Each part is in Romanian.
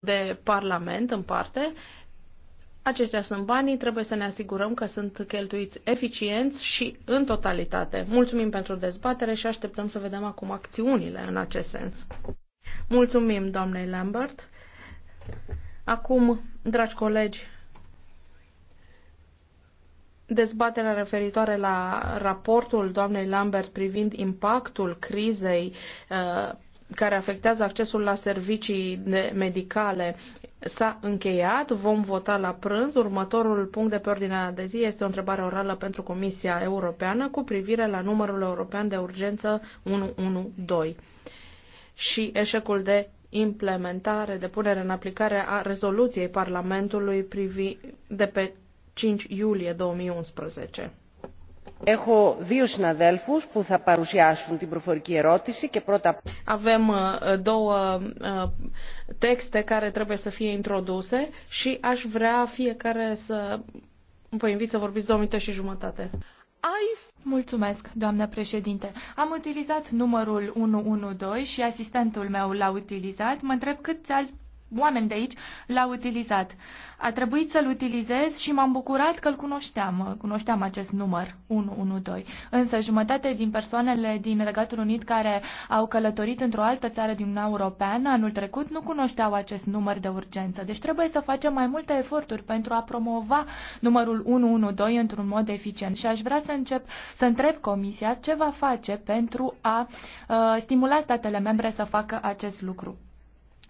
de Parlament în parte. Aceștia sunt banii, trebuie să ne asigurăm că sunt cheltuiți eficienți și în totalitate. Mulțumim pentru dezbatere și așteptăm să vedem acum acțiunile în acest sens. Mulțumim, doamnei Lambert. Acum, dragi colegi, dezbaterea referitoare la raportul doamnei Lambert privind impactul crizei uh, care afectează accesul la servicii medicale s-a încheiat. Vom vota la prânz. Următorul punct de pe ordinea de zi este o întrebare orală pentru Comisia Europeană cu privire la numărul european de urgență 112 și eșecul de implementare, de punere în aplicare a rezoluției Parlamentului privi de pe 5 iulie 2011. Έχω δύο συναδέλφους που θα παρουσιάσουν την προφορική ερώτηση και πρώτα... Avem uh, două uh, texte care trebuie să fie introduse și aș vrea fiecare să vă invit să vorbiți două minute și jumătate. Mulțumesc, doamnă președinte. Am utilizat numărul 112 și asistentul meu l-a utilizat. Mă întreb câți alți oameni de aici l au utilizat. A trebuit să-l utilizez și m-am bucurat că îl cunoșteam, cunoșteam acest număr 112. Însă jumătate din persoanele din Regatul Unit care au călătorit într-o altă țară din Uniunea Europeană anul trecut nu cunoșteau acest număr de urgență. Deci trebuie să facem mai multe eforturi pentru a promova numărul 112 într-un mod eficient. Și aș vrea să încep să întreb Comisia ce va face pentru a uh, stimula statele membre să facă acest lucru.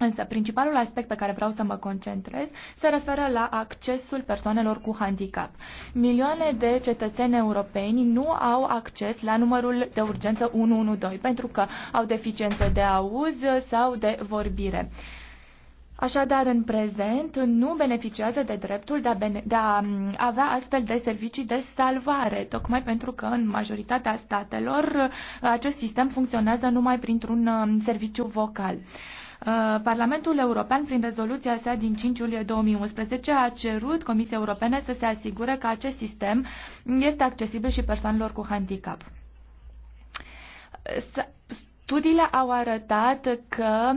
Însă, principalul aspect pe care vreau să mă concentrez se referă la accesul persoanelor cu handicap. Milioane de cetățeni europeni nu au acces la numărul de urgență 112 pentru că au deficiențe de auz sau de vorbire. Așadar, în prezent, nu beneficiază de dreptul de a, bene- de a mm, avea astfel de servicii de salvare, tocmai pentru că în majoritatea statelor acest sistem funcționează numai printr-un mm, serviciu vocal. Uh, Parlamentul European, prin rezoluția sa din 5 iulie 2011, a cerut Comisiei Europene să se asigure că acest sistem este accesibil și persoanelor cu handicap. Studiile au arătat că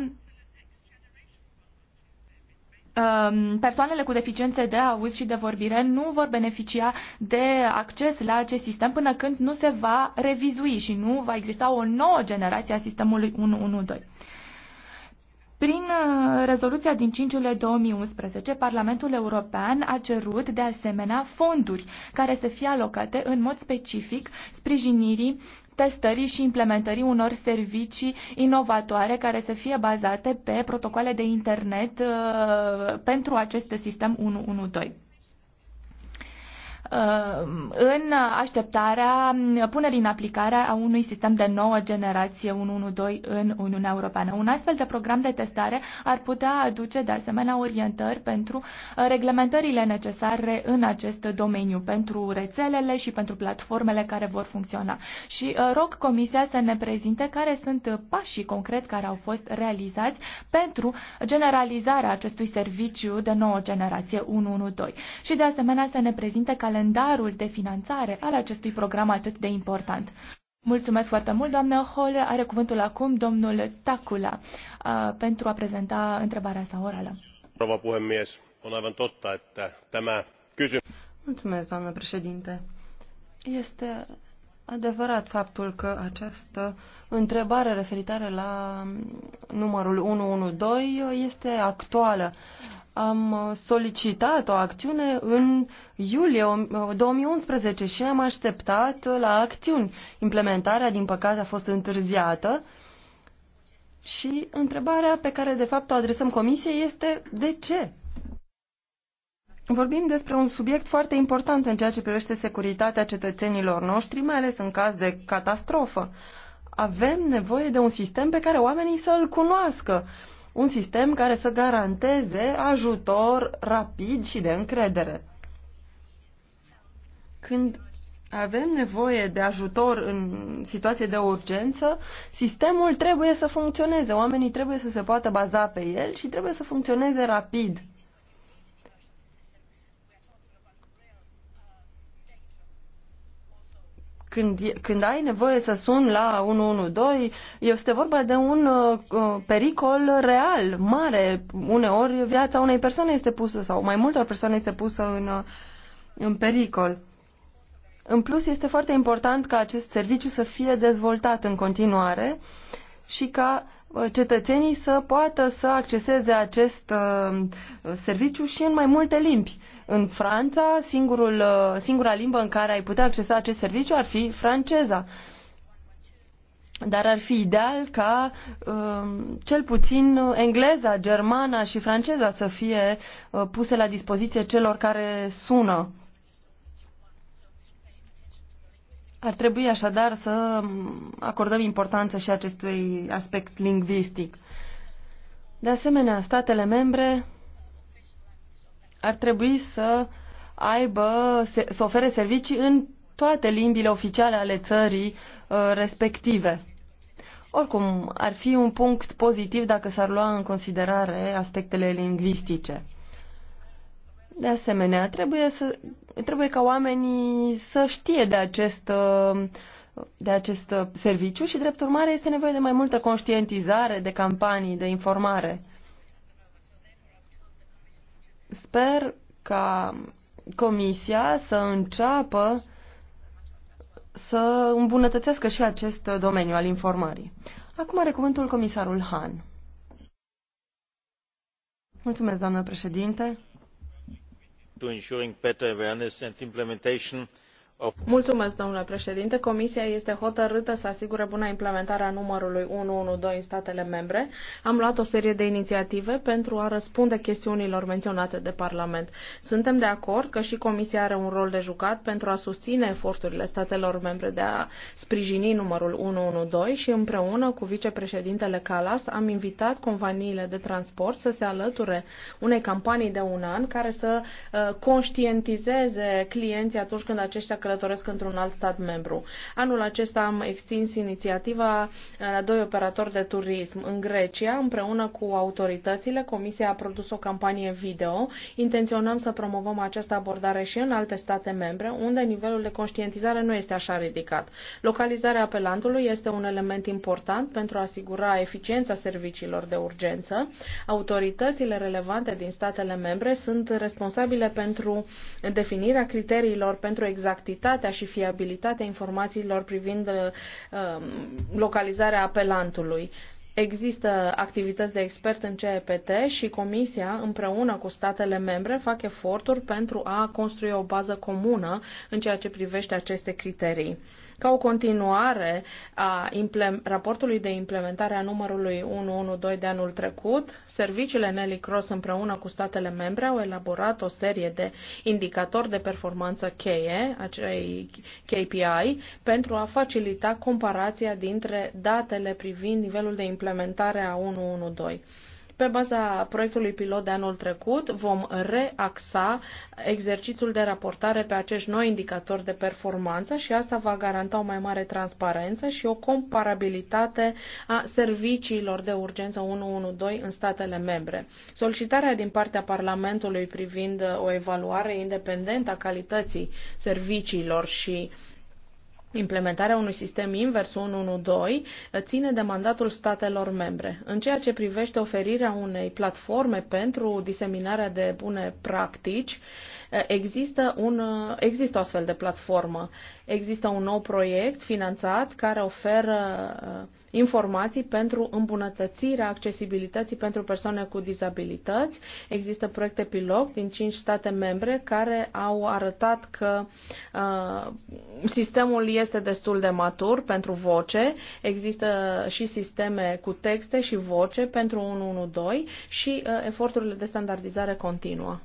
um, persoanele cu deficiențe de auz și de vorbire nu vor beneficia de acces la acest sistem până când nu se va revizui și nu va exista o nouă generație a sistemului 112. Prin uh, rezoluția din 5 iulie 2011, Parlamentul European a cerut de asemenea fonduri care să fie alocate în mod specific sprijinirii testării și implementării unor servicii inovatoare care să fie bazate pe protocoale de internet uh, pentru acest sistem 112. Uh, în așteptarea punerii în aplicare a unui sistem de nouă generație 112 în Uniunea Europeană. Un astfel de program de testare ar putea aduce de asemenea orientări pentru uh, reglementările necesare în acest domeniu, pentru rețelele și pentru platformele care vor funcționa. Și uh, rog Comisia să ne prezinte care sunt pașii concreți care au fost realizați pentru generalizarea acestui serviciu de nouă generație 112 și de asemenea să ne prezinte calendarul calendarul de finanțare al acestui program atât de important. Mulțumesc foarte mult, doamnă Hol. Are cuvântul acum domnul Tacula uh, pentru a prezenta întrebarea sa orală. Mulțumesc, doamnă președinte. Este adevărat faptul că această întrebare referitoare la numărul 112 este actuală am uh, solicitat o acțiune în iulie 2011 uh, și am așteptat la acțiuni. Implementarea, din păcate, a fost întârziată și întrebarea pe care, de fapt, o adresăm Comisiei este de ce? Vorbim despre un subiect foarte important în ceea ce privește securitatea cetățenilor noștri, mai ales în caz de catastrofă. Avem nevoie de un sistem pe care oamenii să-l cunoască un sistem care să garanteze ajutor rapid și de încredere. Când avem nevoie de ajutor în situație de urgență, sistemul trebuie să funcționeze, oamenii trebuie să se poată baza pe el și trebuie să funcționeze rapid. când, când ai nevoie să suni la 112, este vorba de un uh, uh, pericol real, mare. Uneori viața unei persoane este pusă sau mai multor persoane este pusă în, uh, în pericol. În plus, este foarte important ca acest serviciu să fie dezvoltat în continuare și ca uh, cetățenii să poată să acceseze acest uh, serviciu și în mai multe limbi. În Franța, singurul, uh, singura limbă în care ai putea accesa acest serviciu ar fi franceza. Dar ar fi ideal ca um, cel puțin uh, engleza, germana și franceza să fie uh, puse la dispoziție celor care sună. Ar trebui așadar să um, acordăm importanță și acestui aspect lingvistic. De asemenea, statele membre ar trebui să aibă, să ofere servicii în toate limbile oficiale ale țării uh, respective. Oricum, ar fi un punct pozitiv dacă s-ar lua în considerare aspectele lingvistice. De asemenea, trebuie, să, trebuie ca oamenii să știe de acest, uh, de acest serviciu și, drept urmare, este nevoie de mai multă conștientizare, de campanii, de informare. Sper ca Comisia să înceapă să îmbunătățească și acest domeniu al informării. Acum are cuvântul comisarul Han. Mulțumesc, doamnă președinte. To ensuring better awareness and implementation Mulțumesc, domnule președinte. Comisia este hotărâtă să asigure buna implementare a numărului 112 în statele membre. Am luat o serie de inițiative pentru a răspunde chestiunilor menționate de Parlament. Suntem de acord că și Comisia are un rol de jucat pentru a susține eforturile statelor membre de a sprijini numărul 112 și împreună cu vicepreședintele Calas am invitat companiile de transport să se alăture unei campanii de un an care să uh, conștientizeze clienții atunci când aceștia călătoresc într-un alt stat membru. Anul acesta am extins inițiativa la doi operatori de turism în Grecia. Împreună cu autoritățile, Comisia a produs o campanie video. Intenționăm să promovăm această abordare și în alte state membre, unde nivelul de conștientizare nu este așa ridicat. Localizarea apelantului este un element important pentru a asigura eficiența serviciilor de urgență. Autoritățile relevante din statele membre sunt responsabile pentru definirea criteriilor pentru exactitate calitatea și fiabilitatea informațiilor privind uh, um, localizarea apelantului. Există activități de expert în CEPT și Comisia, împreună cu statele membre, fac eforturi pentru a construi o bază comună în ceea ce privește aceste criterii. Ca o continuare a raportului de implementare a numărului 112 de anul trecut, serviciile Nelly Cross împreună cu statele membre au elaborat o serie de indicatori de performanță cheie, acei KPI, pentru a facilita comparația dintre datele privind nivelul de implementare a 112. Pe baza proiectului pilot de anul trecut, vom reaxa exercițiul de raportare pe acești noi indicatori de performanță și asta va garanta o mai mare transparență și o comparabilitate a serviciilor de urgență 112 în statele membre. Solicitarea din partea Parlamentului privind o evaluare independentă a calității serviciilor și Implementarea unui sistem invers 112 ține de mandatul statelor membre. În ceea ce privește oferirea unei platforme pentru diseminarea de bune practici, Există, un, există o astfel de platformă. Există un nou proiect finanțat care oferă uh, informații pentru îmbunătățirea accesibilității pentru persoane cu dizabilități. Există proiecte pilot din 5 state membre care au arătat că uh, sistemul este destul de matur pentru voce. Există și sisteme cu texte și voce pentru 112 și uh, eforturile de standardizare continuă.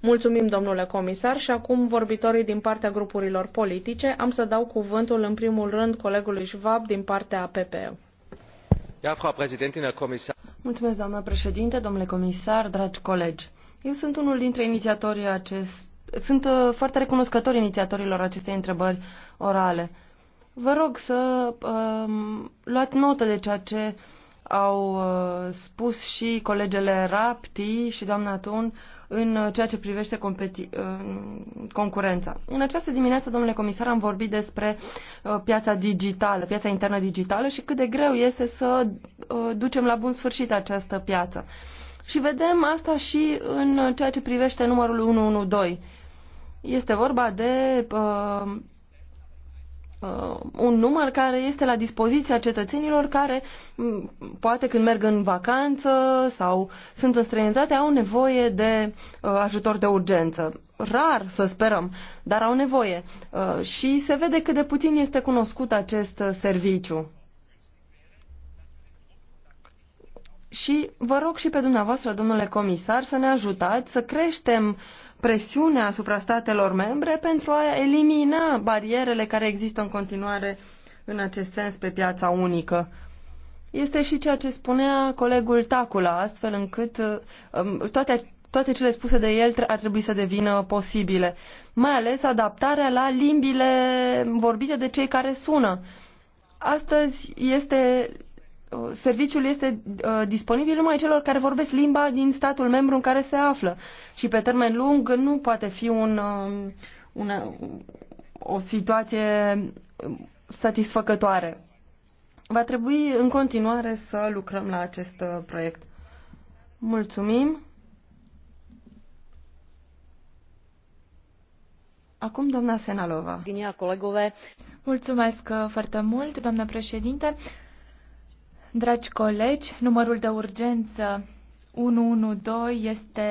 Mulțumim, domnule comisar, și acum vorbitorii din partea grupurilor politice. Am să dau cuvântul în primul rând colegului Schwab din partea PPE. Mulțumesc, doamnă președinte, domnule comisar, dragi colegi. Eu sunt unul dintre inițiatorii acest... Sunt uh, foarte recunoscători inițiatorilor acestei întrebări orale. Vă rog să um, luați notă de ceea ce uh, au uh, spus și colegele Rapti și doamna Tun în ceea ce privește uh, concurența. În această dimineață, domnule comisar, am vorbit despre uh, piața digitală, piața internă digitală și cât de greu este să ducem la bun sfârșit această piață. Și vedem asta și în ceea ce privește numărul 112. Este vorba de uh, Uh, un număr care este la dispoziția cetățenilor care mm, poate când merg în vacanță sau sunt în străinătate au nevoie de uh, ajutor de urgență. Rar, să sperăm, dar au nevoie. Uh, și se vede cât de puțin este cunoscut acest serviciu. Și vă rog și pe dumneavoastră, domnule comisar, să ne ajutați să creștem uh, presiune asupra statelor membre pentru a elimina barierele care există în continuare în acest sens pe piața unică. Este și ceea ce spunea colegul Tacula, astfel încât um, toate, toate cele spuse de el ar trebui să devină posibile, mai ales adaptarea la limbile vorbite de cei care sună. Astăzi este Uh, serviciul este uh, disponibil numai celor care vorbesc limba din statul membru în care se află. Și pe termen lung nu poate fi un, uh, un, o situație satisfăcătoare. Va trebui în continuare să lucrăm la acest proiect. Mulțumim! Acum doamna Senalova. Mulțumesc foarte mult, doamna președinte. Dragi colegi, numărul de urgență 112 este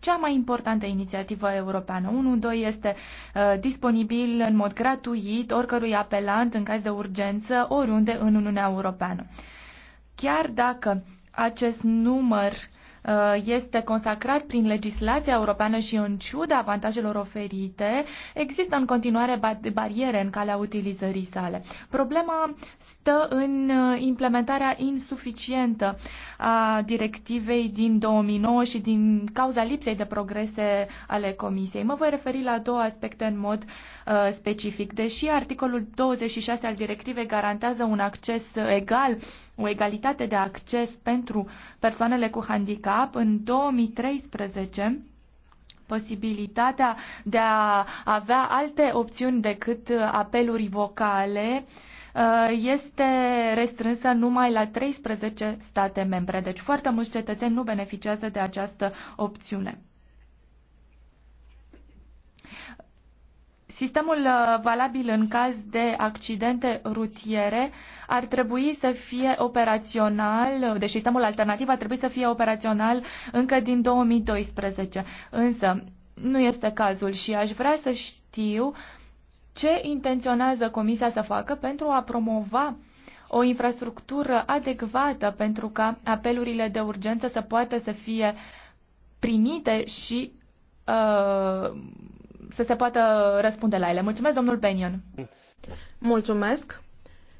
cea mai importantă inițiativă europeană. 112 este uh, disponibil în mod gratuit oricărui apelant în caz de urgență oriunde în Uniunea Europeană. Chiar dacă acest număr uh, Uh, este consacrat prin legislația europeană și în ciuda avantajelor oferite, există în continuare bariere în calea utilizării sale. Problema stă în uh, implementarea insuficientă a directivei din 2009 și din cauza lipsei de progrese ale Comisiei. Mă voi referi la două aspecte în mod uh, specific. Deși articolul 26 al directivei garantează un acces egal o egalitate de acces pentru persoanele cu handicap în 2013 posibilitatea de a avea alte opțiuni decât apeluri vocale uh, este restrânsă numai la 13 state membre. Deci foarte mulți cetățeni nu beneficiază de această opțiune. Sistemul uh, valabil în caz de accidente rutiere ar trebui să fie operațional, uh, deci sistemul alternativ ar trebui să fie operațional încă din 2012. Însă nu este cazul și aș vrea să știu ce intenționează Comisia să facă pentru a promova o infrastructură adecvată pentru ca apelurile de urgență să poată să fie primite și uh, să se poată răspunde la ele. Mulțumesc, domnul Benion. Mulțumesc.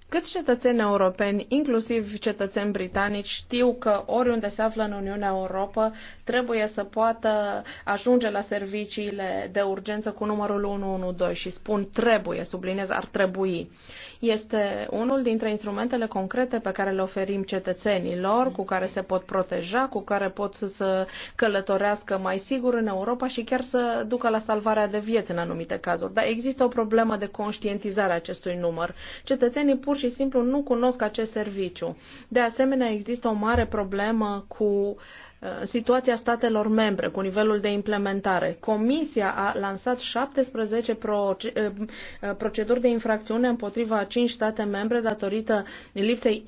Câți cetățeni europeni, inclusiv cetățeni britanici, știu că oriunde se află în Uniunea Europa trebuie să poată ajunge la serviciile de urgență cu numărul 112 și spun trebuie, subliniez, ar trebui este unul dintre instrumentele concrete pe care le oferim cetățenilor, cu care se pot proteja, cu care pot să, să călătorească mai sigur în Europa și chiar să ducă la salvarea de vieți în anumite cazuri. Dar există o problemă de conștientizare a acestui număr. Cetățenii pur și simplu nu cunosc acest serviciu. De asemenea, există o mare problemă cu uh, Uh, situația statelor membre cu nivelul de implementare. Comisia a lansat 17 uh, uh, proceduri de infracțiune împotriva a 5 state membre datorită lipsei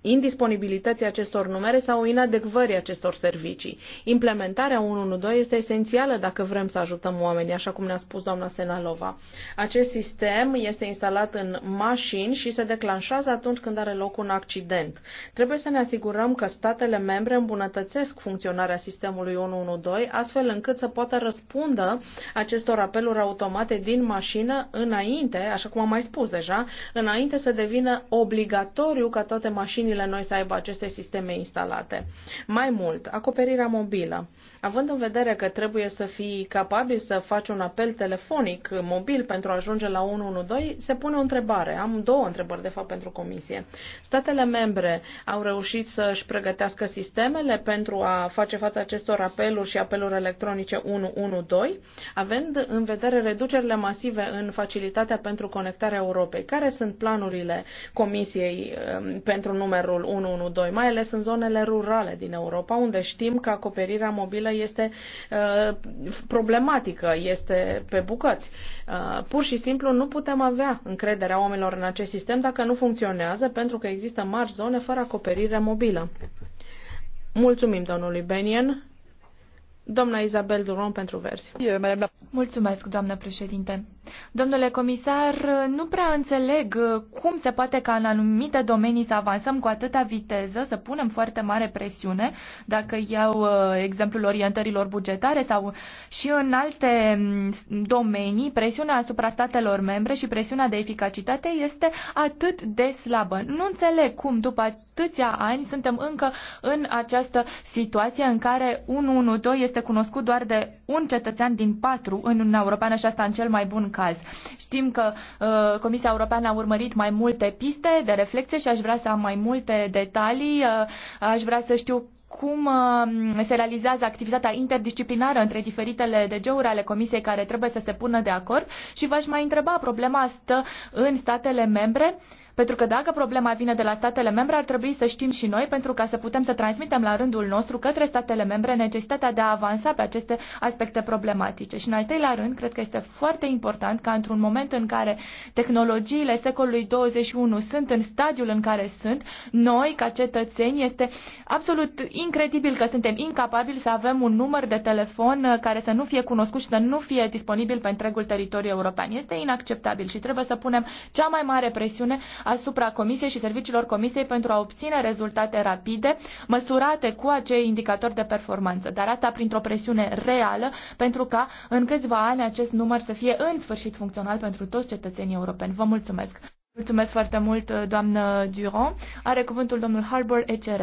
indisponibilității acestor numere sau inadecvării acestor servicii. Implementarea 112 este esențială dacă vrem să ajutăm oamenii, așa cum ne-a spus doamna Senalova. Acest sistem este instalat în mașini și se declanșează atunci când are loc un accident. Trebuie să ne asigurăm că statele membre îmbunătățesc îmbunătățesc funcționarea sistemului 112, astfel încât să poată răspundă acestor apeluri automate din mașină înainte, așa cum am mai spus deja, înainte să devină obligatoriu ca toate mașinile noi să aibă aceste sisteme instalate. Mai mult, acoperirea mobilă. Având în vedere că trebuie să fii capabil să faci un apel telefonic mobil pentru a ajunge la 112, se pune o întrebare. Am două întrebări, de fapt, pentru Comisie. Statele membre au reușit să-și pregătească sistemele rețele pentru a face față acestor apeluri și apeluri electronice 112, având în vedere reducerile masive în facilitatea pentru conectarea Europei. Care sunt planurile Comisiei um, pentru numărul 112, mai ales în zonele rurale din Europa, unde știm că acoperirea mobilă este uh, problematică, este pe bucăți. Uh, pur și simplu nu putem avea încrederea oamenilor în acest sistem dacă nu funcționează, pentru că există mari zone fără acoperire mobilă. Mulțumim domnului Benien. Doamna Isabel Duron pentru versi. Mulțumesc, doamnă președinte. Domnule comisar, nu prea înțeleg cum se poate ca în anumite domenii să avansăm cu atâta viteză, să punem foarte mare presiune, dacă iau uh, exemplul orientărilor bugetare sau și în alte mm, domenii, presiunea asupra statelor membre și presiunea de eficacitate este atât de slabă. Nu înțeleg cum după atâția ani suntem încă în această situație în care 112 este cunoscut doar de un cetățean din patru în Uniunea Europeană și asta în cel mai bun caz. Știm că uh, Comisia Europeană a urmărit mai multe piste de reflexie și aș vrea să am mai multe detalii. Uh, aș vrea să știu cum uh, se realizează activitatea interdisciplinară între diferitele DG-uri ale Comisiei care trebuie să se pună de acord și v-aș mai întreba, problema stă în statele membre uh, pentru că dacă problema vine de la statele membre, ar trebui să știm și noi, pentru ca să putem să transmitem la rândul nostru către statele membre necesitatea de a avansa pe aceste aspecte problematice. Și în al treilea rând, cred că este foarte important ca într-un moment în care tehnologiile secolului 21 sunt în stadiul în care sunt, noi, ca cetățeni, este absolut incredibil că suntem incapabili să avem un număr de telefon uh, care să nu fie cunoscut și să nu fie disponibil pe întregul teritoriu european. Este inacceptabil și trebuie să punem cea mai mare presiune asupra Comisiei și serviciilor Comisiei pentru a obține rezultate rapide, măsurate cu acei indicatori de performanță, dar asta printr-o presiune reală pentru ca în câțiva ani acest număr să fie în sfârșit funcțional pentru toți cetățenii europeni. Vă mulțumesc! Mulțumesc foarte mult, doamnă Durand. Are cuvântul domnul Harbour ECR.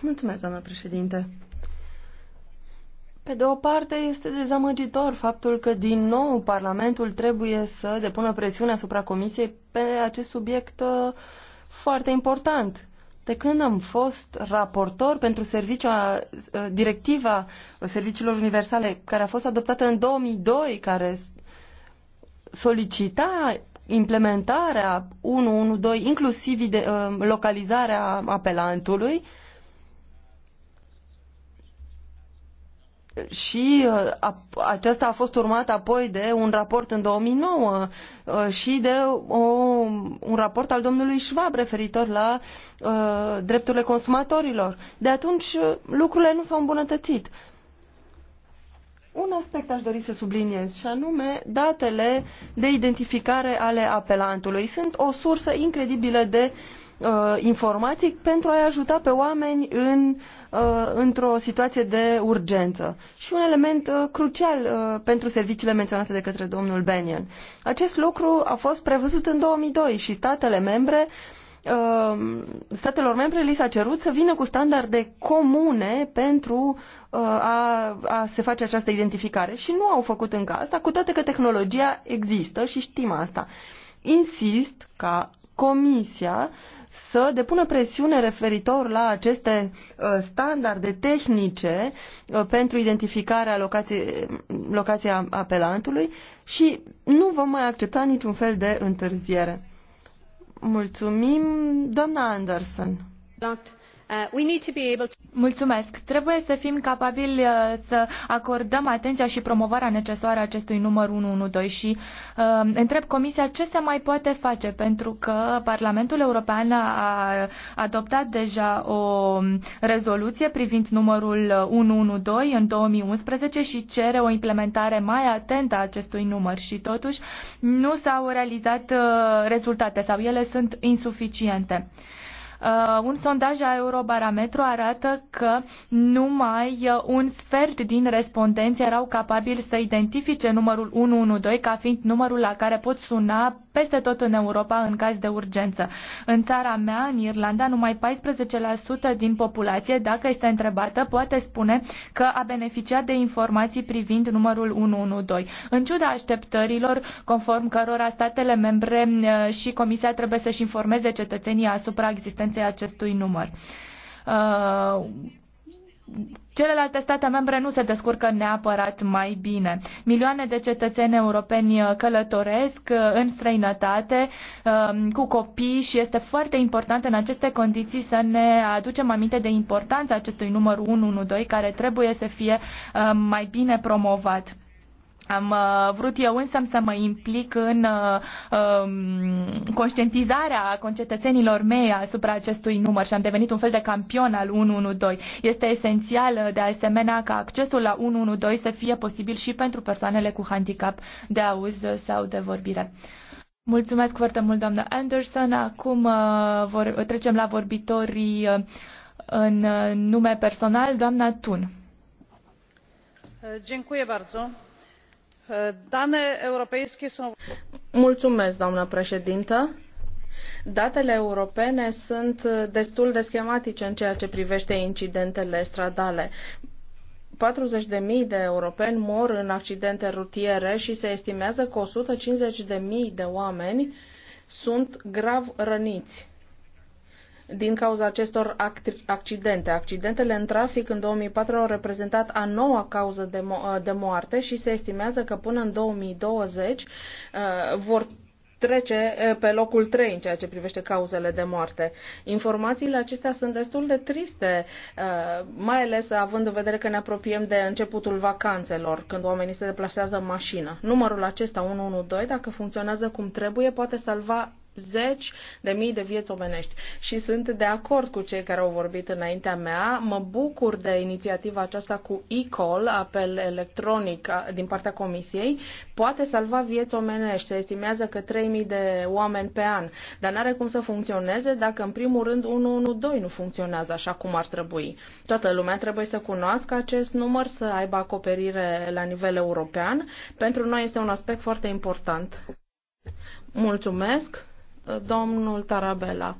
Mulțumesc, doamnă președinte. Pe de o parte, este dezamăgitor faptul că din nou Parlamentul trebuie să depună presiune asupra Comisiei pe acest subiect uh, foarte important. De când am fost raportor pentru servicia, uh, directiva serviciilor universale, care a fost adoptată în 2002, care solicita implementarea 112, inclusiv de, uh, localizarea apelantului, și uh, a, aceasta a fost urmat apoi de un raport în 2009 uh, și de o, un raport al domnului Schwab referitor la uh, drepturile consumatorilor. De atunci uh, lucrurile nu s-au îmbunătățit. Un aspect aș dori să subliniez și anume datele de identificare ale apelantului. Sunt o sursă incredibilă de uh, informații pentru a-i ajuta pe oameni în uh, Uh, într-o situație de urgență și un element uh, crucial uh, pentru serviciile menționate de către domnul Benian. Acest lucru a fost prevăzut în 2002 și statele membre statelor membre li s-a cerut să vină cu standarde comune pentru a, a se face această identificare și nu au făcut încă asta, cu toate că tehnologia există și știm asta. Insist ca Comisia să depună presiune referitor la aceste uh, standarde tehnice uh, pentru identificarea locației, locației apelantului și nu vom mai accepta niciun fel de întârziere. Mulțumim, doamna Anderson. Uh, Mulțumesc. Trebuie să fim capabili uh, să acordăm atenția și promovarea necesară acestui număr 112 și uh, întreb Comisia ce se mai poate face pentru că Parlamentul European a adoptat deja o rezoluție privind numărul 112 în 2011 și cere o implementare mai atentă a acestui număr și totuși nu s-au realizat uh, rezultate sau ele sunt insuficiente. Uh, Uh, un sondaj a Eurobarometru arată că numai uh, un sfert din respondenți erau capabili să identifice numărul 112 ca fiind numărul la care pot suna peste tot în Europa în caz de urgență. În țara mea, în Irlanda, numai 14% din populație, dacă este întrebată, poate spune că a beneficiat de informații privind numărul 112. În ciuda așteptărilor, conform cărora statele membre uh, și Comisia trebuie să-și informeze cetățenii asupra existenței prezenței acestui număr. Uh, celelalte state membre nu se descurcă neapărat mai bine. Milioane de cetățeni europeni uh, călătoresc uh, în străinătate um, cu copii și este foarte important în aceste condiții să ne aducem aminte de importanța acestui număr 112 care trebuie să fie mai bine promovat. Am uh, vrut eu însă să mă implic în uh, um, conștientizarea concetățenilor mei asupra acestui număr și am devenit un fel de campion al 112. Este esențial de asemenea ca accesul la 112 să fie posibil și pentru persoanele cu handicap de auz sau de vorbire. Mulțumesc foarte mult, doamnă Anderson. Acum uh, vor, trecem la vorbitorii uh, în uh, nume personal, doamna Tun. Uh, Mulțumesc, doamnă președintă. Datele europene sunt destul de schematice în ceea ce privește incidentele stradale. 40.000 de europeni mor în accidente rutiere și se estimează că 150.000 de oameni sunt grav răniți din cauza acestor accidente. Accidentele în trafic în 2004 au reprezentat a noua cauză de, mo- de moarte și se estimează că până în 2020 uh, vor trece uh, pe locul 3 în ceea ce privește cauzele de moarte. Informațiile acestea sunt destul de triste, uh, mai ales având în vedere că ne apropiem de începutul vacanțelor, când oamenii se deplasează în mașină. Numărul acesta 112, dacă funcționează cum trebuie, poate salva zeci de mii de vieți omenești. Și sunt de acord cu cei care au vorbit înaintea mea. Mă bucur de inițiativa aceasta cu e-call, apel electronic din partea Comisiei. Poate salva vieți omenești. Se estimează că 3.000 de oameni pe an. Dar n-are cum să funcționeze dacă, în primul rând, 112 nu funcționează așa cum ar trebui. Toată lumea trebuie să cunoască acest număr, să aibă acoperire la nivel european. Pentru noi este un aspect foarte important. Mulțumesc! domnul Tarabella.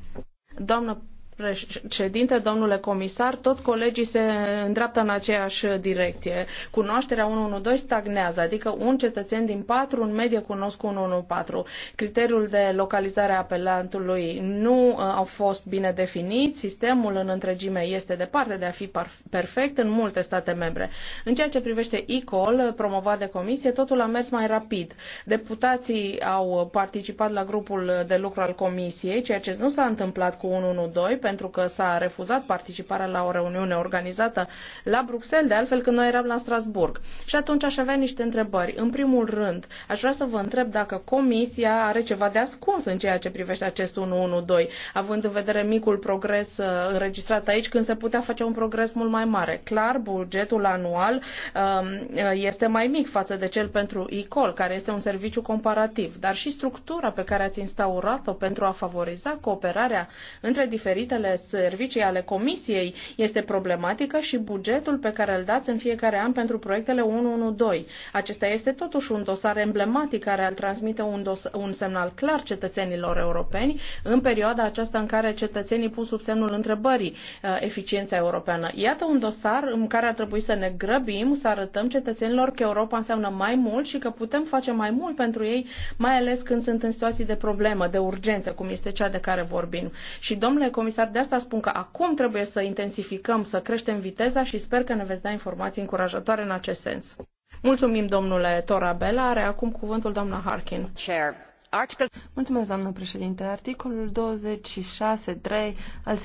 Doamnă președinte, domnule comisar, toți colegii se îndreaptă în aceeași direcție. Cunoașterea 112 stagnează, adică un cetățen din patru în medie cunosc 114. Criteriul de localizare a apelantului nu uh, a fost bine definit, sistemul în întregime este departe de a fi perfect în multe state membre. În ceea ce privește e uh, promovat de comisie, totul a mers mai rapid. Deputații au participat la grupul de lucru al comisiei, ceea ce nu s-a întâmplat cu 112, pentru că s-a refuzat participarea la o reuniune organizată la Bruxelles, de altfel când noi eram la Strasburg. Și atunci aș avea niște întrebări. În primul rând, aș vrea să vă întreb dacă Comisia are ceva de ascuns în ceea ce privește acest 112, având în vedere micul progres uh, înregistrat aici, când se putea face un progres mult mai mare. Clar, bugetul anual um, uh, este mai mic față de cel pentru ICOL, care este un serviciu comparativ, dar și structura pe care ați instaurat-o pentru a favoriza cooperarea între diferite diferitele servicii ale Comisiei este problematică și bugetul pe care îl dați în fiecare an pentru proiectele 112. Acesta este totuși un dosar emblematic care îl transmite un, dos- un semnal clar cetățenilor europeni în perioada aceasta în care cetățenii pun sub semnul întrebării uh, eficiența europeană. Iată un dosar în care ar trebui să ne grăbim, să arătăm cetățenilor că Europa înseamnă mai mult și că putem face mai mult pentru ei, mai ales când sunt în situații de problemă, de urgență, cum este cea de care vorbim. Și domnule comisar dar de asta spun că acum trebuie să intensificăm, să creștem viteza și sper că ne veți da informații încurajatoare în acest sens. Mulțumim, domnule Torabela. Are acum cuvântul doamna Harkin. Chair. Article... Mulțumesc, doamnă președinte. Articolul 26.3 al,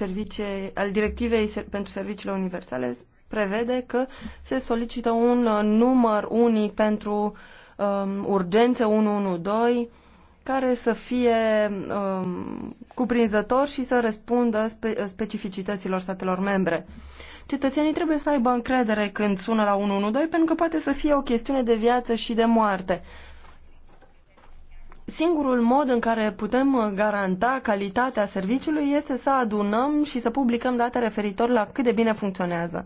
al directivei pentru serviciile universale prevede că se solicită un uh, număr unic pentru um, urgențe 112 care să fie um, cuprinzător și să răspundă spe specificităților statelor membre. Cetățenii trebuie să aibă încredere când sună la 112 pentru că poate să fie o chestiune de viață și de moarte. Singurul mod în care putem garanta calitatea serviciului este să adunăm și să publicăm date referitor la cât de bine funcționează.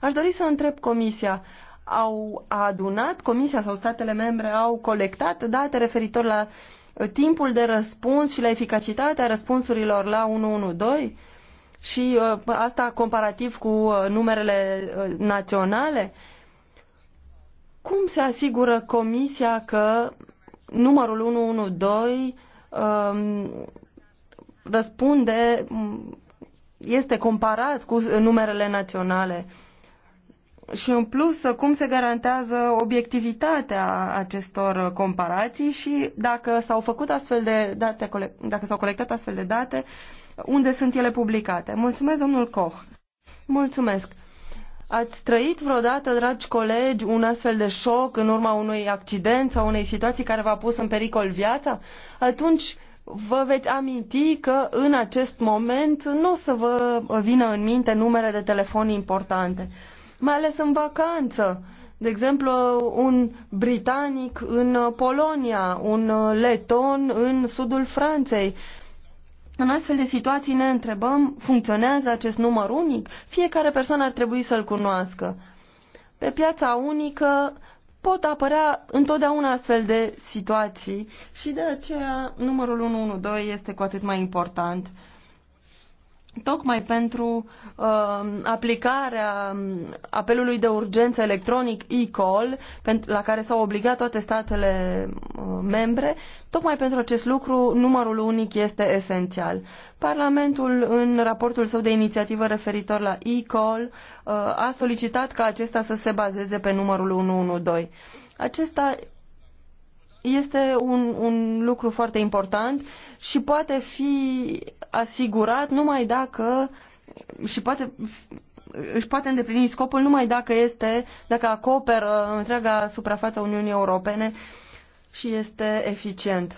Aș dori să întreb Comisia, au adunat Comisia sau statele membre au colectat date referitor la timpul de răspuns și la eficacitatea răspunsurilor la 112 și uh, asta comparativ cu uh, numerele uh, naționale? Cum se asigură Comisia că numărul 112 uh, um, răspunde, este comparat cu numerele naționale? și în plus cum se garantează obiectivitatea acestor comparații și dacă s-au făcut astfel de date, dacă s-au colectat astfel de date, unde sunt ele publicate. Mulțumesc, domnul Koch. Mulțumesc. Ați trăit vreodată, dragi colegi, un astfel de șoc în urma unui accident sau unei situații care v-a pus în pericol viața? Atunci vă veți aminti că în acest moment nu o să vă vină în minte numere de telefon importante mai ales în vacanță. De exemplu, un britanic în Polonia, un leton în sudul Franței. În astfel de situații ne întrebăm, funcționează acest număr unic? Fiecare persoană ar trebui să-l cunoască. Pe piața unică pot apărea întotdeauna astfel de situații și de aceea numărul 112 este cu atât mai important tocmai pentru uh, aplicarea apelului de urgență electronic e-call, la care s-au obligat toate statele uh, membre, tocmai pentru acest lucru numărul unic este esențial. Parlamentul, în raportul său de inițiativă referitor la e-call, uh, a solicitat ca acesta să se bazeze pe numărul 112. Acesta este un, un lucru foarte important și poate fi asigurat numai dacă și poate își poate îndeplini scopul numai dacă este, dacă acoperă întreaga suprafață a Uniunii Europene și este eficient.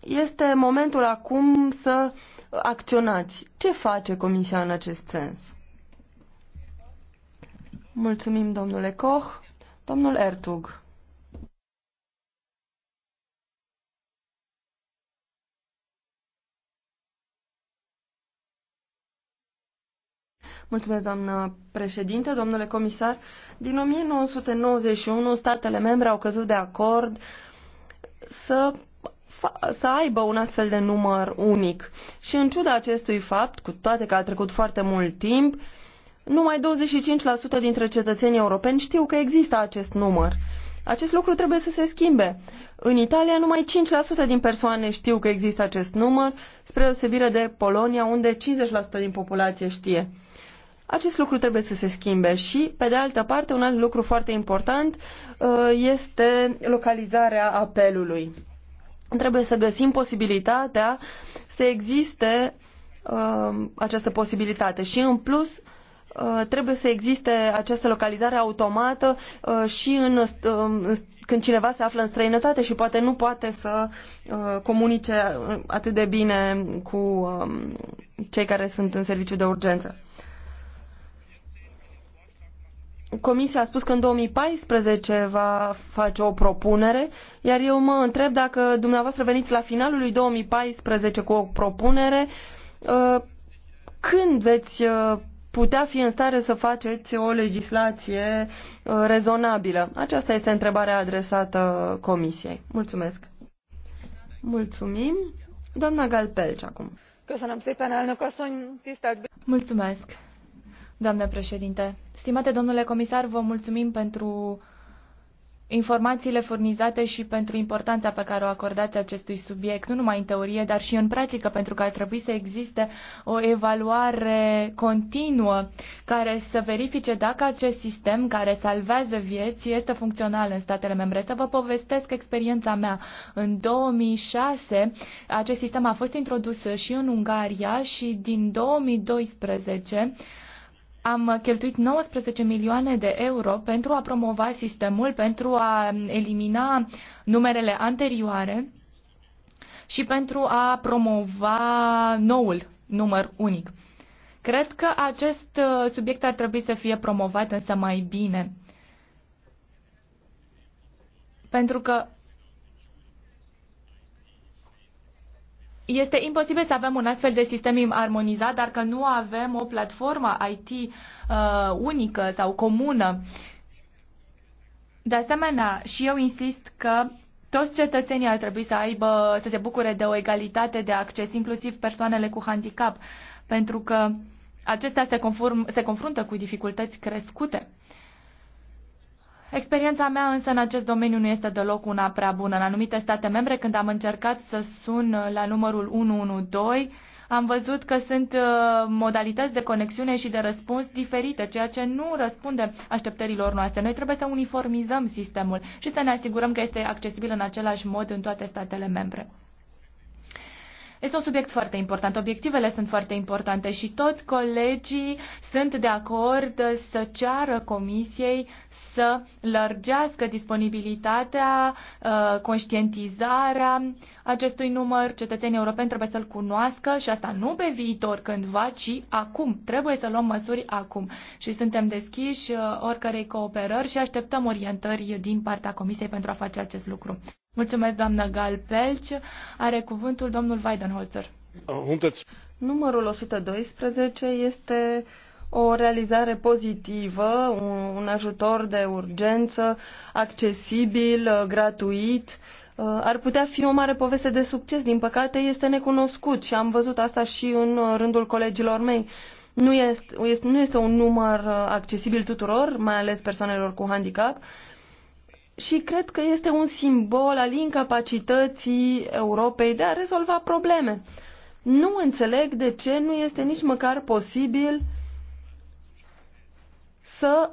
Este momentul acum să acționați. Ce face Comisia în acest sens? Mulțumim, domnule Koch. Domnul Ertug. Mulțumesc, doamnă președinte, domnule comisar. Din 1991, statele membre au căzut de acord să să aibă un astfel de număr unic. Și în ciuda acestui fapt, cu toate că a trecut foarte mult timp, numai 25% dintre cetățenii europeni știu că există acest număr. Acest lucru trebuie să se schimbe. În Italia, numai 5% din persoane știu că există acest număr, spre deosebire de Polonia, unde 50% din populație știe. Acest lucru trebuie să se schimbe și, pe de altă parte, un alt lucru foarte important uh, este localizarea apelului. Trebuie să găsim posibilitatea să existe uh, această posibilitate și, în plus, uh, trebuie să existe această localizare automată și în, când cineva se află în străinătate și poate nu poate să comunice atât de bine cu um, cei care sunt în serviciu de urgență. Comisia a spus că în 2014 va face o propunere, iar eu mă întreb dacă dumneavoastră veniți la finalul lui 2014 cu o propunere, uh, când veți uh, putea fi în stare să faceți o legislație uh, rezonabilă? Aceasta este întrebarea adresată Comisiei. Mulțumesc. Mulțumim. Doamna Galpelci acum. Mulțumesc. Doamnă președinte, stimate domnule comisar, vă mulțumim pentru informațiile furnizate și pentru importanța pe care o acordați acestui subiect, nu numai în teorie, dar și în practică, pentru că ar trebui să existe o evaluare continuă care să verifice dacă acest sistem care salvează vieți este funcțional în statele membre. Să vă povestesc experiența mea. În 2006 acest sistem a fost introdus și în Ungaria și din 2012 am cheltuit 19 milioane de euro pentru a promova sistemul, pentru a elimina numerele anterioare și pentru a promova noul număr unic. Cred că acest uh, subiect ar trebui să fie promovat însă mai bine. Pentru că este imposibil să avem un astfel de sistem armonizat dacă nu avem o platformă IT uh, unică sau comună. De asemenea, și eu insist că toți cetățenii ar trebui să aibă, să se bucure de o egalitate de acces, inclusiv persoanele cu handicap, pentru că acestea se, conform, se confruntă cu dificultăți crescute. Experiența mea însă în acest domeniu nu este deloc una prea bună. În anumite state membre, când am încercat să sun la numărul 112, am văzut că sunt uh, modalități de conexiune și de răspuns diferite, ceea ce nu răspunde așteptărilor noastre. Noi trebuie să uniformizăm sistemul și să ne asigurăm că este accesibil în același mod în toate statele membre. Este un subiect foarte important. Obiectivele sunt foarte importante și toți colegii sunt de acord să ceară comisiei să lărgească disponibilitatea, uh, conștientizarea acestui număr. Cetățenii europeni trebuie să-l cunoască și asta nu pe viitor cândva, ci acum. Trebuie să luăm măsuri acum. Și suntem deschiși uh, oricărei cooperări și așteptăm orientări din partea Comisiei pentru a face acest lucru. Mulțumesc, doamnă Galpelci. Are cuvântul domnul Weidenholzer. Numărul 112 este o realizare pozitivă, un ajutor de urgență, accesibil, uh, gratuit, uh, ar putea fi o mare poveste de succes. Din păcate, este necunoscut și am văzut asta și în uh, rândul colegilor mei. Nu este, nu este un număr accesibil tuturor, mai ales persoanelor cu handicap, și cred că este un simbol al incapacității Europei de a rezolva probleme. Nu înțeleg de ce nu este nici măcar posibil uh, să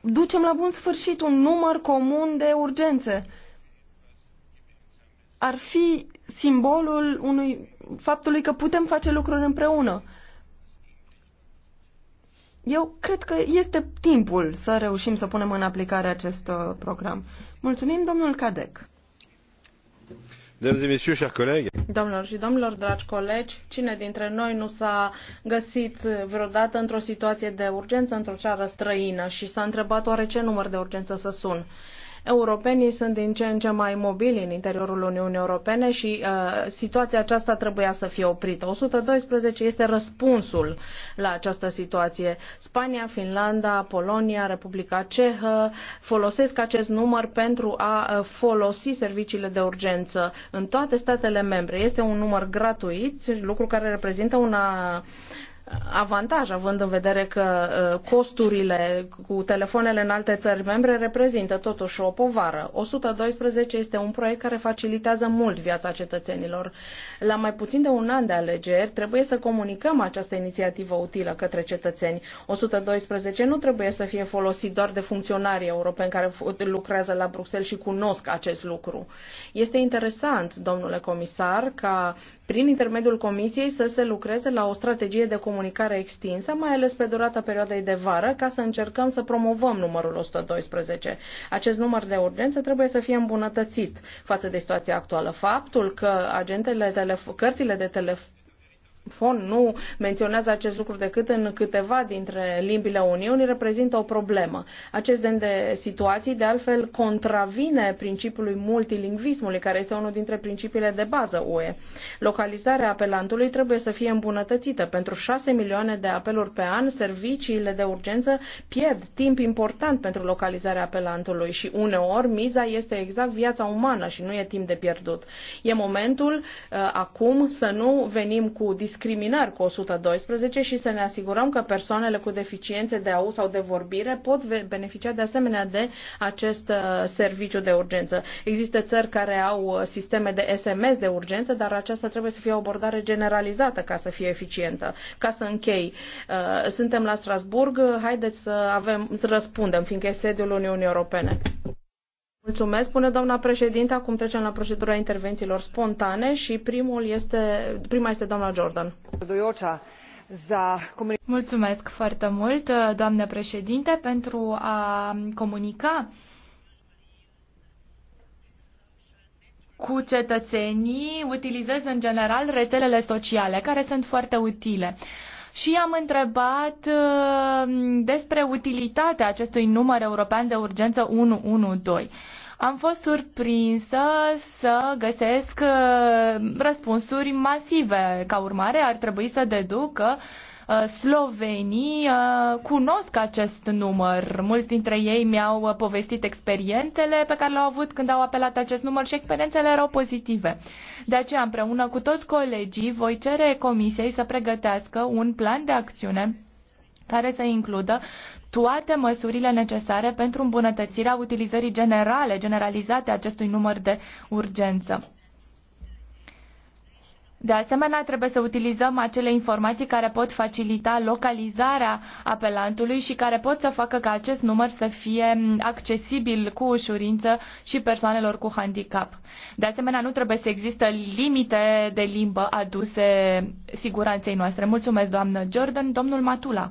ducem la bun sfârșit un număr comun de urgențe. Ar fi simbolul unui faptului că putem face lucruri împreună. Eu cred că este timpul să reușim să punem în aplicare acest uh, program. Mulțumim, domnul Cadec. Doamnelor și domnilor, dragi colegi, cine dintre noi nu s-a găsit vreodată într-o situație de urgență într-o țară străină și s-a întrebat oare ce număr de urgență să sun? europenii sunt din ce în ce mai mobili în interiorul Uniunii Europene și uh, situația aceasta trebuia să fie oprită. 112 este răspunsul la această situație. Spania, Finlanda, Polonia, Republica Cehă folosesc acest număr pentru a uh, folosi serviciile de urgență în toate statele membre. Este un număr gratuit, lucru care reprezintă una avantaj, având în vedere că uh, costurile cu telefoanele în alte țări membre reprezintă totuși o povară. 112 este un proiect care facilitează mult viața cetățenilor. La mai puțin de un an de alegeri trebuie să comunicăm această inițiativă utilă către cetățeni. 112 nu trebuie să fie folosit doar de funcționarii europeni care lucrează la Bruxelles și cunosc acest lucru. Este interesant, domnule comisar, ca prin intermediul Comisiei să se lucreze la o strategie de comunicare comunicare extinsă, mai ales pe durata perioadei de vară, ca să încercăm să promovăm numărul 112. Acest număr de urgență trebuie să fie îmbunătățit față de situația actuală. Faptul că agentele telefo- cărțile de telefon fond nu menționează acest lucru decât în câteva dintre limbile Uniunii, reprezintă o problemă. Acest gen de situații, de altfel, contravine principiului multilingvismului, care este unul dintre principiile de bază UE. Localizarea apelantului trebuie să fie îmbunătățită. Pentru 6 milioane de apeluri pe an, serviciile de urgență pierd timp important pentru localizarea apelantului și uneori miza este exact viața umană și nu e timp de pierdut. E momentul uh, acum să nu venim cu dis discriminări cu 112 și să ne asigurăm că persoanele cu deficiențe de auz sau de vorbire pot beneficia de asemenea de acest uh, serviciu de urgență. Există țări care au uh, sisteme de SMS de urgență, dar aceasta trebuie să fie o abordare generalizată ca să fie eficientă. Ca să închei, uh, suntem la Strasburg, haideți să avem, să răspundem, fiindcă e sediul Uniunii Europene. Mulțumesc, spune doamna președinte. Acum trecem la procedura intervențiilor spontane și primul este, prima este doamna Jordan. Mulțumesc foarte mult, doamna președinte, pentru a comunica cu cetățenii, utilizez în general rețelele sociale, care sunt foarte utile și am întrebat uh, despre utilitatea acestui număr european de urgență 112. Am fost surprinsă să găsesc uh, răspunsuri masive. Ca urmare, ar trebui să deduc că uh, slovenii uh, cunosc acest număr. Mulți dintre ei mi-au povestit experiențele pe care le-au avut când au apelat acest număr și experiențele erau pozitive. De aceea, împreună cu toți colegii, voi cere Comisiei să pregătească un plan de acțiune care să includă toate măsurile necesare pentru îmbunătățirea utilizării generale, generalizate a acestui număr de urgență. De asemenea, trebuie să utilizăm acele informații care pot facilita localizarea apelantului și care pot să facă ca acest număr să fie accesibil cu ușurință și persoanelor cu handicap. De asemenea, nu trebuie să există limite de limbă aduse siguranței noastre. Mulțumesc, doamnă Jordan. Domnul Matula.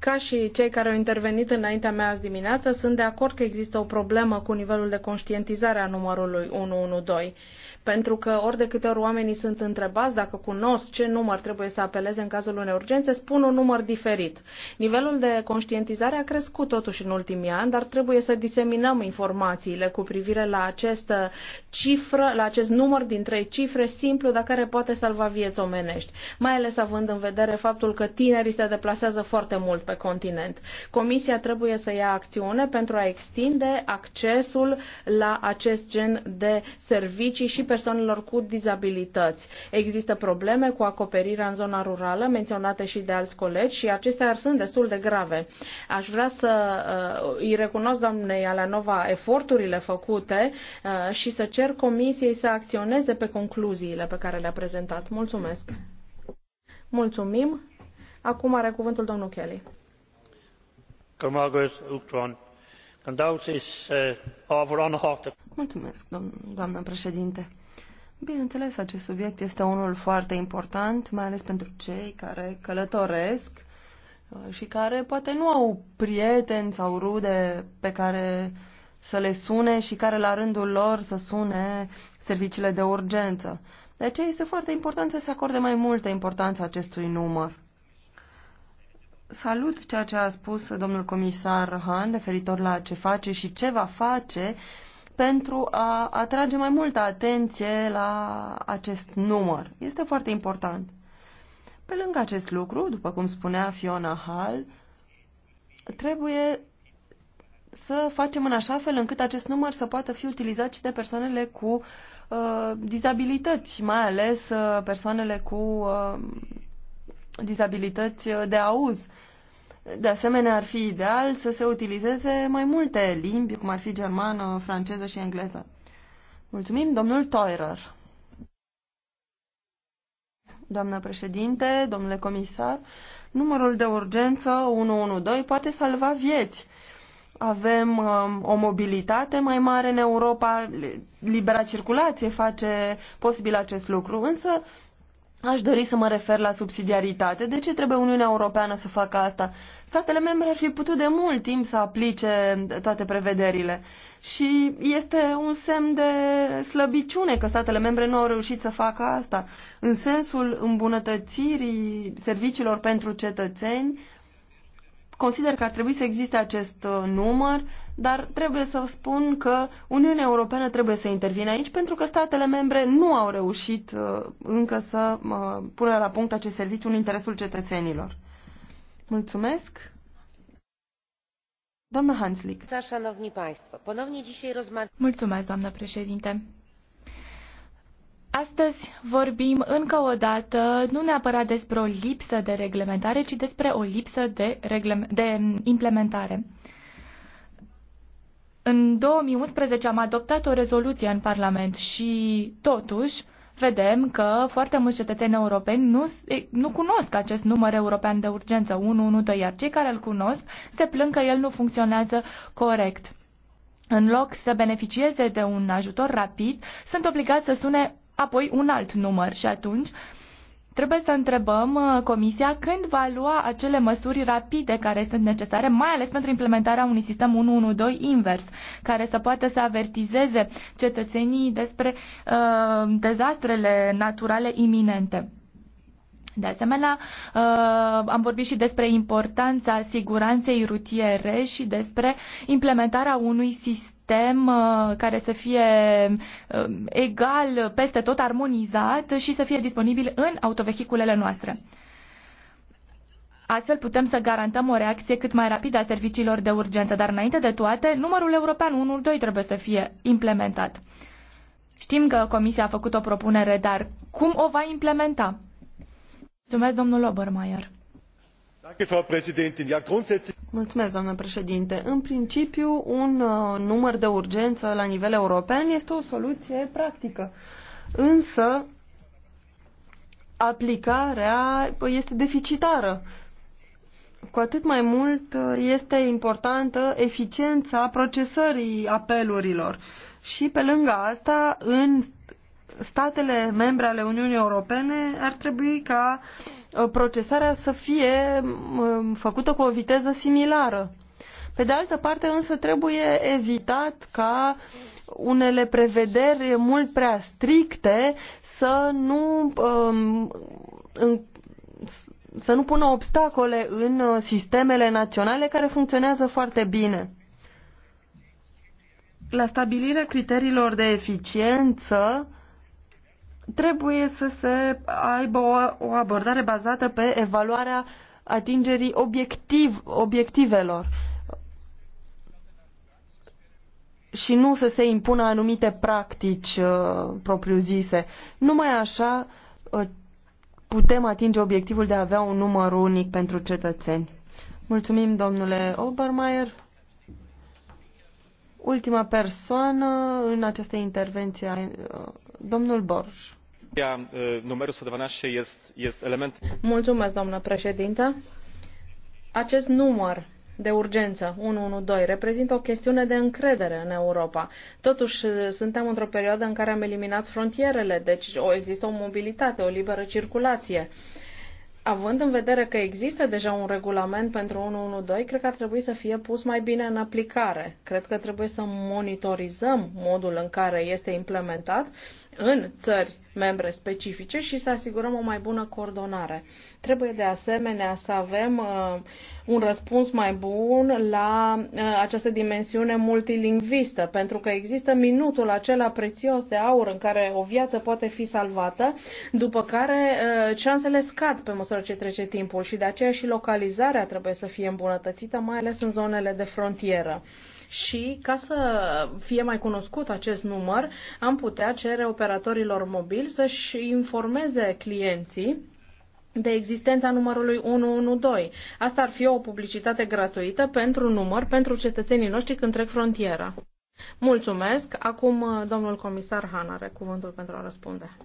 Ca și cei care au intervenit înaintea mea azi dimineață, sunt de acord că există o problemă cu nivelul de conștientizare a numărului 112 pentru că ori de câte ori oamenii sunt întrebați dacă cunosc ce număr trebuie să apeleze în cazul unei urgențe, spun un număr diferit. Nivelul de conștientizare a crescut totuși în ultimii ani, dar trebuie să diseminăm informațiile cu privire la această cifră, la acest număr din trei cifre simplu, dar care poate salva vieți omenești, mai ales având în vedere faptul că tinerii se deplasează foarte mult pe continent. Comisia trebuie să ia acțiune pentru a extinde accesul la acest gen de servicii și persoanelor cu dizabilități. Există probleme cu acoperirea în zona rurală, menționate și de alți colegi, și acestea sunt destul de grave. Aș vrea să uh, îi recunosc doamnei Alanova eforturile făcute uh, și să cer comisiei să acționeze pe concluziile pe care le-a prezentat. Mulțumesc! Mulțumim! Acum are cuvântul domnul Kelly. Uh, Mulțumesc, doamnă președinte Bineînțeles, acest subiect este unul foarte important, mai ales pentru cei care călătoresc uh, și care poate nu au prieteni sau rude pe care să le sune și care la rândul lor să sune serviciile de urgență. De aceea este foarte important să se acorde mai multă importanță acestui număr. Salut ceea ce a spus domnul comisar Han referitor la ce face și ce va face uh, pentru a atrage mai multă atenție la acest număr. Este foarte important. Pe lângă acest lucru, după cum spunea Fiona Hall, trebuie să facem în așa fel încât acest număr să poată fi utilizat și de persoanele cu uh, dizabilități, mai ales uh, persoanele cu uh, dizabilități de auz. Uh, de asemenea, ar fi ideal să se utilizeze mai multe limbi, cum ar fi germană, franceză și engleză. Mulțumim, domnul Teurer. Doamnă președinte, domnule comisar, numărul de urgență 112 poate salva vieți. Avem um, o mobilitate mai mare în Europa, libera circulație face posibil acest lucru, însă Aș dori să mă refer la subsidiaritate. De ce trebuie Uniunea Europeană să facă asta? Statele membre ar fi putut de mult timp să aplice toate prevederile. Și este un semn de slăbiciune că statele membre nu au reușit să facă asta. În sensul îmbunătățirii serviciilor pentru cetățeni, Consider că ar trebui să existe acest uh, număr, dar trebuie să spun că Uniunea Europeană trebuie să intervine aici pentru că statele membre nu au reușit uh, încă să uh, pună la punct acest serviciu în interesul cetățenilor. Mulțumesc. Doamna Hanslik. Mulțumesc, doamnă președinte. Astăzi vorbim încă o dată nu neapărat despre o lipsă de reglementare, ci despre o lipsă de, de mm, implementare. În 2011 am adoptat o rezoluție în Parlament și totuși vedem că foarte mulți cetățeni europeni nu, nu cunosc acest număr european de urgență 112, iar cei care îl cunosc se plâng că el nu funcționează corect. În loc să beneficieze de un ajutor rapid, sunt obligați să sune apoi un alt număr și atunci trebuie să întrebăm uh, Comisia când va lua acele măsuri rapide care sunt necesare, mai ales pentru implementarea unui sistem 112 invers, care să poată să avertizeze cetățenii despre uh, dezastrele naturale iminente. De asemenea, uh, am vorbit și despre importanța siguranței rutiere și despre implementarea unui sistem sistem uh, care să fie uh, egal peste tot, armonizat și să fie disponibil în autovehiculele noastre. Astfel putem să garantăm o reacție cât mai rapidă a serviciilor de urgență, dar înainte de toate, numărul european 112 trebuie să fie implementat. Știm că Comisia a făcut o propunere, dar cum o va implementa? Mulțumesc, domnul Obermeier. Mulțumesc, doamnă președinte. În principiu, un uh, număr de urgență la nivel european este o soluție practică. Însă, aplicarea este deficitară. Cu atât mai mult uh, este importantă eficiența procesării apelurilor. Și pe lângă asta, în statele membre ale Uniunii Europene ar trebui ca uh, procesarea să fie um, făcută cu o viteză similară. Pe de altă parte, însă, trebuie evitat ca unele prevederi mult prea stricte să nu, um, în, să nu pună obstacole în uh, sistemele naționale care funcționează foarte bine. La stabilirea criteriilor de eficiență, trebuie să se aibă o, o abordare bazată pe evaluarea atingerii obiectiv, obiectivelor și nu să se impună anumite practici uh, propriu-zise. Numai așa uh, putem atinge obiectivul de a avea un număr unic pentru cetățeni. Mulțumim, domnule Obermeier. Ultima persoană în această intervenție, uh, domnul Borș. Mulțumesc, doamnă președintă. Acest număr de urgență 112 reprezintă o chestiune de încredere în Europa. Totuși, suntem într-o perioadă în care am eliminat frontierele, deci există o mobilitate, o liberă circulație. Având în vedere că există deja un regulament pentru 112, cred că ar trebui să fie pus mai bine în aplicare. Cred că trebuie să monitorizăm modul în care este implementat în țări membre specifice și să asigurăm o mai bună coordonare. Trebuie de asemenea să avem uh, un răspuns mai bun la uh, această dimensiune multilingvistă, pentru că există minutul acela prețios de aur în care o viață poate fi salvată, după care uh, șansele scad pe măsură ce trece timpul și de aceea și localizarea trebuie să fie îmbunătățită, mai ales în zonele de frontieră și ca să fie mai cunoscut acest număr, am putea cere operatorilor mobili să-și informeze clienții de existența numărului 112. Asta ar fi o publicitate gratuită pentru număr pentru cetățenii noștri când trec frontiera. Mulțumesc. Acum uh, domnul comisar Han are cuvântul pentru a răspunde.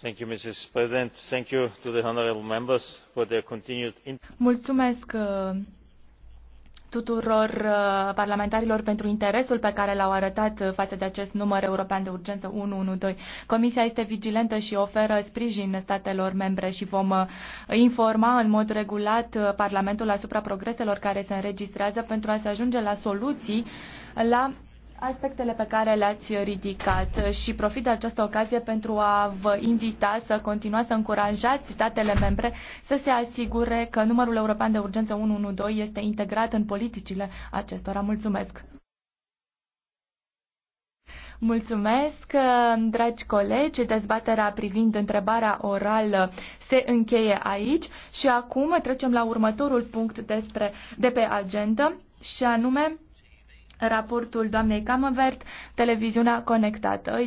Thank you, Mrs. President. Thank you to the honorable members for their continued Mulțumesc uh, tuturor uh, parlamentarilor pentru interesul pe care l-au arătat uh, față de acest număr european de urgență 112. Comisia este vigilentă și oferă sprijin statelor membre și vom uh, informa în mod regulat Parlamentul asupra progreselor care se înregistrează pentru a se ajunge la soluții la aspectele pe care le-ați ridicat și profit de această ocazie pentru a vă invita să continuați să încurajați statele membre să se asigure că numărul european de urgență 112 este integrat în politicile acestora. Mulțumesc! Mulțumesc, dragi colegi. Dezbaterea privind întrebarea orală se încheie aici și acum trecem la următorul punct despre, de pe agenda și anume raportul doamnei Camăvert, televiziunea conectată.